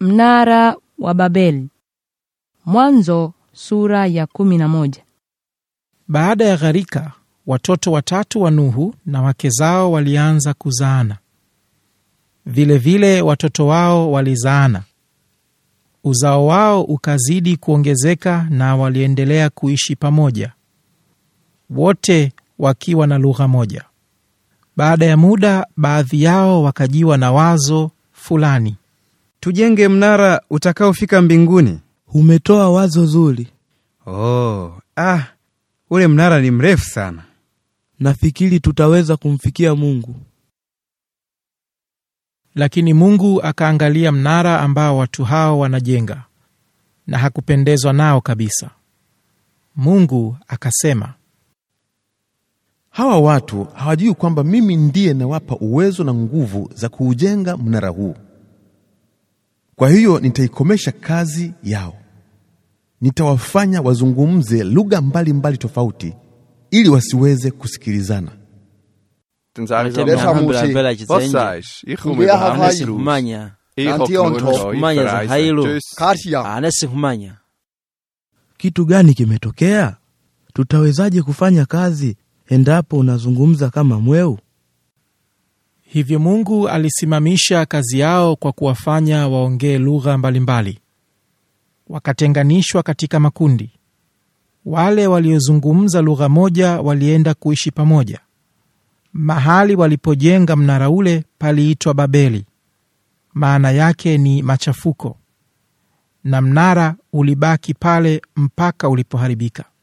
Mnara wa Babeli. Mwanzo sura ya kumi na moja. Baada ya gharika, watoto watatu wa Nuhu na wake zao walianza kuzaana. Vilevile vile watoto wao walizaana, uzao wao ukazidi kuongezeka na waliendelea kuishi pamoja, wote wakiwa na lugha moja. Baada ya muda, baadhi yao wakajiwa na wazo fulani tujenge mnara utakaofika mbinguni. Umetoa wazo zuri. Oh, ah, ule mnara ni mrefu sana. Nafikiri tutaweza kumfikia Mungu. Lakini Mungu akaangalia mnara ambao watu hao wanajenga na hakupendezwa nao kabisa. Mungu akasema, hawa watu hawajui kwamba mimi ndiye nawapa uwezo na nguvu za kuujenga mnara huu. Kwa hiyo nitaikomesha kazi yao, nitawafanya wazungumze lugha mbalimbali tofauti ili wasiweze kusikilizana. Kitu gani kimetokea? Tutawezaje kufanya kazi endapo unazungumza kama mweu? Hivyo Mungu alisimamisha kazi yao kwa kuwafanya waongee lugha mbalimbali, wakatenganishwa katika makundi. Wale waliozungumza lugha moja walienda kuishi pamoja. Mahali walipojenga mnara ule paliitwa Babeli, maana yake ni machafuko, na mnara ulibaki pale mpaka ulipoharibika.